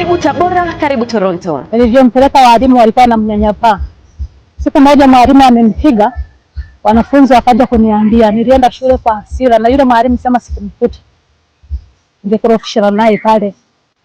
Karibu Tabora, karibu Toronto. Nilivyompeleka waalimu walikuwa na mnyanyapaa. Siku moja mwalimu amempiga, wanafunzi wakaja kuniambia. Nilienda shule kwa hasira, na yule mwalimu sema sikumkuta, ningekorofishana naye pale.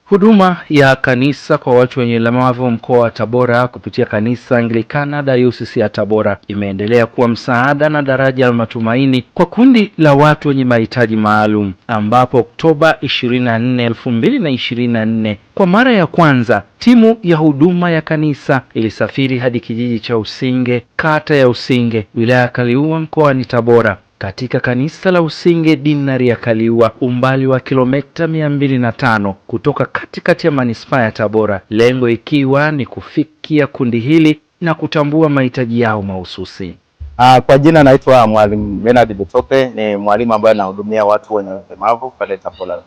Huduma ya kanisa kwa watu wenye ulemavu mkoa wa Tabora kupitia kanisa Anglikana Dayosisi ya Tabora imeendelea kuwa msaada na daraja la matumaini kwa kundi la watu wenye mahitaji maalum, ambapo Oktoba 24, 2024 kwa mara ya kwanza timu ya huduma ya kanisa ilisafiri hadi kijiji cha Usinge, kata ya Usinge, wilaya ya Kaliua mkoani Tabora katika kanisa la Usinge Dinari ya Kaliua, umbali wa kilomita mia mbili na tano kutoka katikati ya manispaa ya Tabora, lengo ikiwa ni kufikia kundi hili na kutambua mahitaji yao mahususi. Aa, ah, kwa jina naitwa Mwalimu Benard Bitope, ni mwalimu ambaye anahudumia watu wenye ulemavu pale Tabora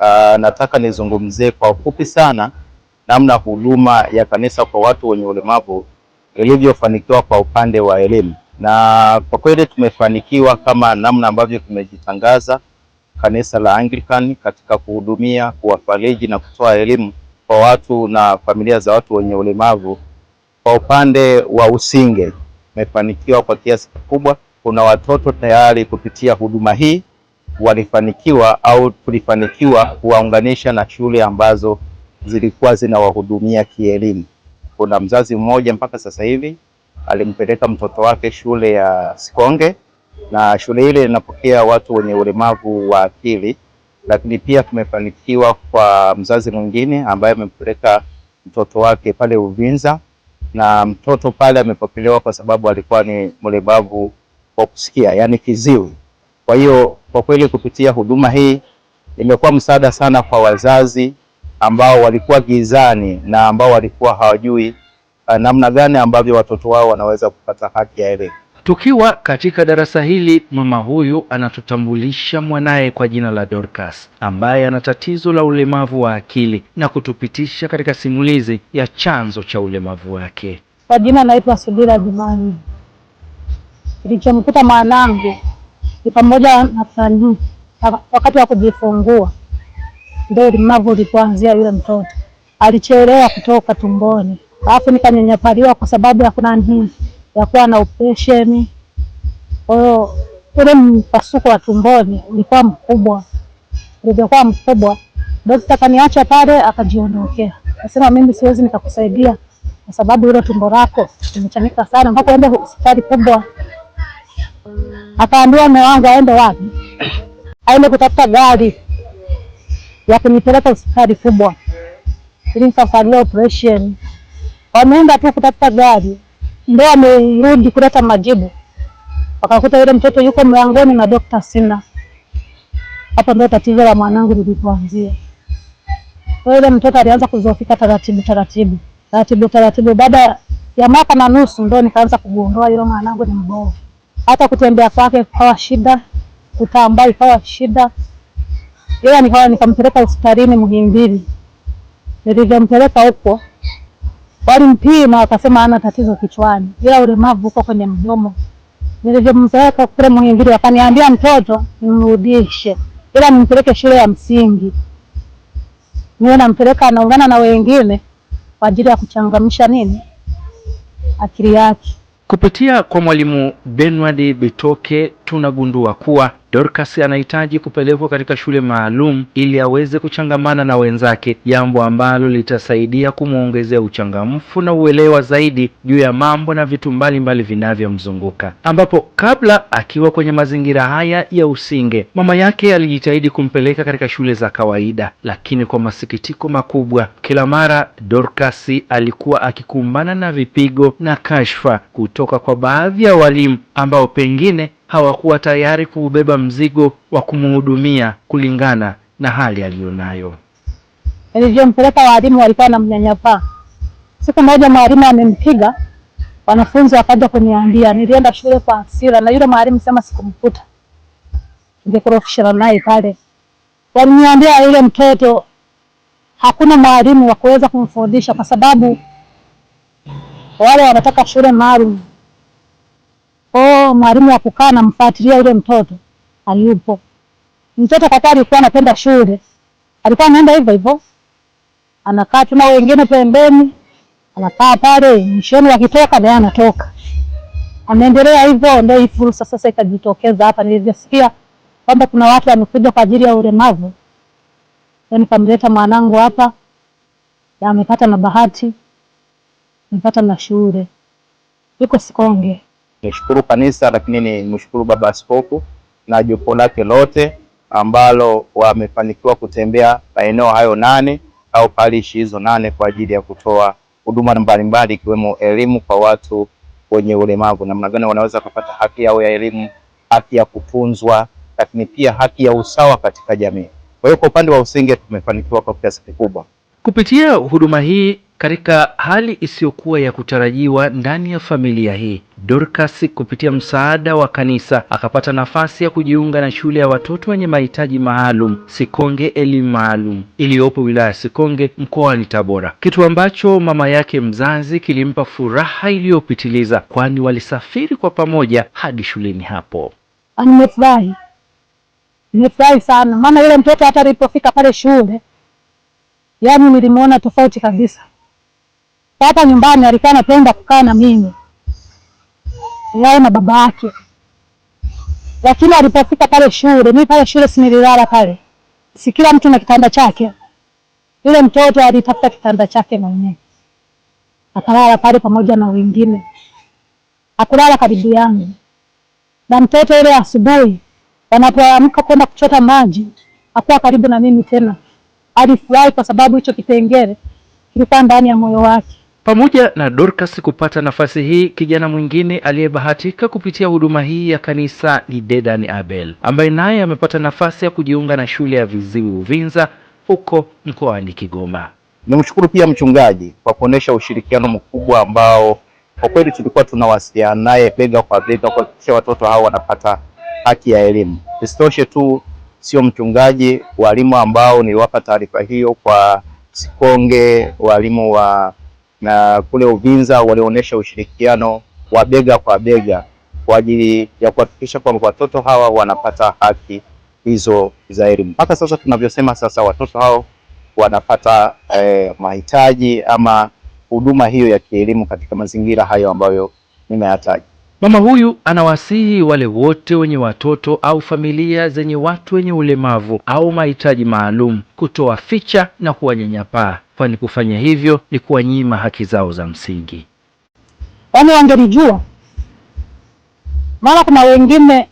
Aa, ah, Nataka nizungumzie kwa ufupi sana namna huduma ya kanisa kwa watu wenye ulemavu ilivyofanikiwa kwa upande wa elimu na kwa kweli tumefanikiwa kama namna ambavyo tumejitangaza kanisa la Anglican katika kuhudumia, kuwafariji na kutoa elimu kwa watu na familia za watu wenye ulemavu. Kwa upande wa Usinge tumefanikiwa kwa kiasi kikubwa. Kuna watoto tayari kupitia huduma hii walifanikiwa au tulifanikiwa kuwaunganisha na shule ambazo zilikuwa zinawahudumia kielimu. Kuna mzazi mmoja mpaka sasa hivi alimpeleka mtoto wake shule ya Sikonge, na shule ile inapokea watu wenye ulemavu wa akili, lakini pia tumefanikiwa kwa mzazi mwingine ambaye amempeleka mtoto wake pale Uvinza, na mtoto pale amepokelewa kwa sababu alikuwa ni mlemavu wa kusikia, yani kiziwi. Kwa hiyo kwa kweli kupitia huduma hii imekuwa msaada sana kwa wazazi ambao walikuwa gizani na ambao walikuwa hawajui Uh, namna gani ambavyo watoto wao wanaweza kupata haki ya elimu. Tukiwa katika darasa hili, mama huyu anatutambulisha mwanaye kwa jina la Dorcas ambaye ana tatizo la ulemavu wa akili na kutupitisha katika simulizi ya chanzo cha ulemavu wake. Kwa jina naitwa Subira Jumani. Kilichomkuta mwanangu ni pamoja na fani, wakati wa kujifungua ndio ulemavu ulipoanzia. Yule mtoto alichelewa kutoka tumboni alafu nikanyanyapaliwa kwa sababu ya kunani ya kuwa na operesheni. Kwa hiyo ule mpasuko wa tumboni ulikuwa mkubwa, ulivyokuwa mkubwa, daktari akaniacha pale, akajiondokea akasema, mimi siwezi nikakusaidia kwa sababu hilo tumbo lako limechanika sana, mpaka uende hospitali kubwa. Akaambia mume wangu aende wapi? Aende kutafuta gari ya kunipeleka hospitali kubwa ili nikafanyia operesheni wameenda tu kutafuta gari, ndio wamerudi kuleta majibu, wakakuta yule mtoto yuko mlangoni na dokta sina. Hapo ndio tatizo la mwanangu lilipoanzia. Yule mtoto alianza kuzofika taratibu taratibu taratibu taratibu. Baada ya mwaka na nusu ndio nikaanza kugundua yule mwanangu ni mbovu, hata kutembea kwake kawa shida, kutambaa ikawa shida. Yeye nikawa nikampeleka hospitalini Muhimbili, nilivyompeleka huko Walimpima wakasema ana tatizo kichwani, ila ulemavu uko kwenye mdomo. Nilivyomzoeka kule Muhimbili, wakaniambia mtoto nimrudishe, ila nimpeleke shule ya msingi, niwe nampeleka anaungana na wengine kwa ajili ya kuchangamsha nini akili yake. Kupitia kwa Mwalimu Benward Bitoke tunagundua kuwa Dorcas anahitaji kupelekwa katika shule maalum ili aweze kuchangamana na wenzake, jambo ambalo litasaidia kumwongezea uchangamfu na uelewa zaidi juu ya mambo na vitu mbalimbali vinavyomzunguka, ambapo kabla akiwa kwenye mazingira haya ya Usinge, mama yake alijitahidi kumpeleka katika shule za kawaida, lakini kwa masikitiko makubwa, kila mara Dorcas alikuwa akikumbana na vipigo na kashfa kutoka kwa baadhi ya walimu ambao pengine hawakuwa tayari kuubeba mzigo wa kumhudumia kulingana na hali aliyonayo. Nilivyompeleka waalimu walikuwa na mnyanyapaa. Siku moja mwalimu amempiga, wanafunzi wakaja kuniambia. Nilienda shule kwa hasira, na yule mwalimu sema sikumkuta, ningekorofishana naye pale. Waliniambia yule mtoto hakuna mwalimu wa kuweza kumfundisha, kwa sababu wale wanataka shule maalum Oh, mwalimu akukaa anamfuatilia yule mtoto aliupo. Mtoto kwa kweli alikuwa anapenda shule, alikuwa anaenda hivyo hivyo, anakaa tu na wengine pembeni, anakaa pale mshoni, akitoka naye anatoka, anaendelea hivyo. Ndio hii fursa sasa ikajitokeza hapa, nilivyosikia kwamba kuna watu wamekuja kwa ajili ya ulemavu, nikamleta yaani mwanangu hapa, amepata na bahati, amepata na shule, yuko Sikonge. Nishukuru kanisa lakini ni mshukuru Baba Askofu na jopo lake lote ambalo wamefanikiwa kutembea maeneo hayo nane au parishi hizo nane kwa ajili ya kutoa huduma mbalimbali ikiwemo elimu kwa watu wenye ulemavu, namna gani wanaweza kupata haki yao ya elimu, haki ya kufunzwa, lakini pia haki ya usawa katika jamii. Kwa hiyo kwa upande wa Usinge tumefanikiwa kwa kiasi kikubwa kupitia huduma hii. Katika hali isiyokuwa ya kutarajiwa ndani ya familia hii, Dorcas kupitia msaada wa kanisa akapata nafasi ya kujiunga na shule ya watoto wenye mahitaji maalum Sikonge Elimu Maalum iliyopo wilaya ya Sikonge mkoani Tabora, kitu ambacho mama yake mzazi kilimpa furaha iliyopitiliza, kwani walisafiri kwa pamoja hadi shuleni hapo. Ah, nimefurahi, nimefurahi sana, maana yule mtoto hata alipofika pale shule, yaani nilimwona tofauti kabisa hapa nyumbani alikuwa anapenda kukaa na mimi yeye na baba yake, lakini alipofika pale shule, mimi pale shule sinililala pale, si kila mtu na kitanda chake. Yule mtoto alitafuta kitanda chake mwenyewe akalala pale pamoja na wengine, akulala karibu yangu na mtoto ile. Asubuhi wanapoamka kwenda kuchota maji, akuwa karibu na mimi tena. Alifurahi kwa sababu hicho kipengele kilikuwa ndani ya moyo wake. Pamoja na Dorcas kupata nafasi hii, kijana mwingine aliyebahatika kupitia huduma hii ya kanisa ni Dedan Abel ambaye naye amepata nafasi ya kujiunga na shule ya viziwi Uvinza huko mkoani Kigoma. Nimshukuru pia mchungaji kwa kuonyesha ushirikiano mkubwa ambao kwa kweli tulikuwa tunawasiliana naye bega kwa bega kuhakikisha watoto hao wanapata haki ya elimu. Isitoshe tu sio mchungaji, walimu ambao niliwapa taarifa hiyo kwa Sikonge, walimu wa na kule Uvinza walionyesha ushirikiano wa bega kwa bega kwa ajili ya kuhakikisha kwamba watoto hawa wanapata haki hizo za elimu. Mpaka sasa tunavyosema sasa, watoto hao wanapata eh, mahitaji ama huduma hiyo ya kielimu katika mazingira hayo ambayo nimeyataja. Mama huyu anawasihi wale wote wenye watoto au familia zenye watu wenye ulemavu au mahitaji maalum kutoa ficha na kuwanyanyapaa kwani kufanya hivyo ni kuwanyima haki zao za msingi. Yaani wangelijua, maana kuna wengine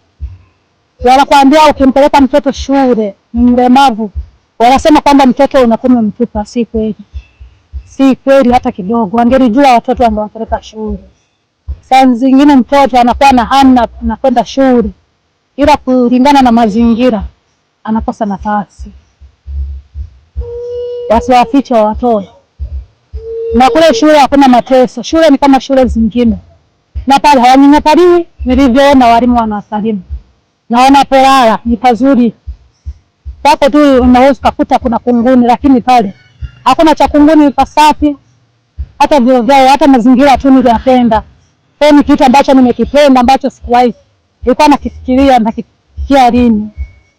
wanakuambia ukimpeleka mtoto shule ni mlemavu, wanasema kwamba mtoto unakuwa mtupa. Si kweli, si kweli hata kidogo. Wangelijua watoto wangewapeleka shule. Saa zingine mtoto anakuwa na hamna na kwenda shule, ila kulingana na mazingira anakosa nafasi wasiwaficha wawatoe. Na kule shule hakuna mateso, shule ni kama shule zingine, na pale hawanyanyapaliwi. Nilivyoona walimu wanawasalimu na wanapolala ni pazuri, wako tu. Unaweza kukuta kuna kunguni, lakini pale hakuna cha kunguni, pasafi. Hata vyoo vyao, hata mazingira tu niliyapenda. Kwa ni kitu ambacho nimekipenda ambacho sikuwahi ilikuwa nakifikiria nakifikia lini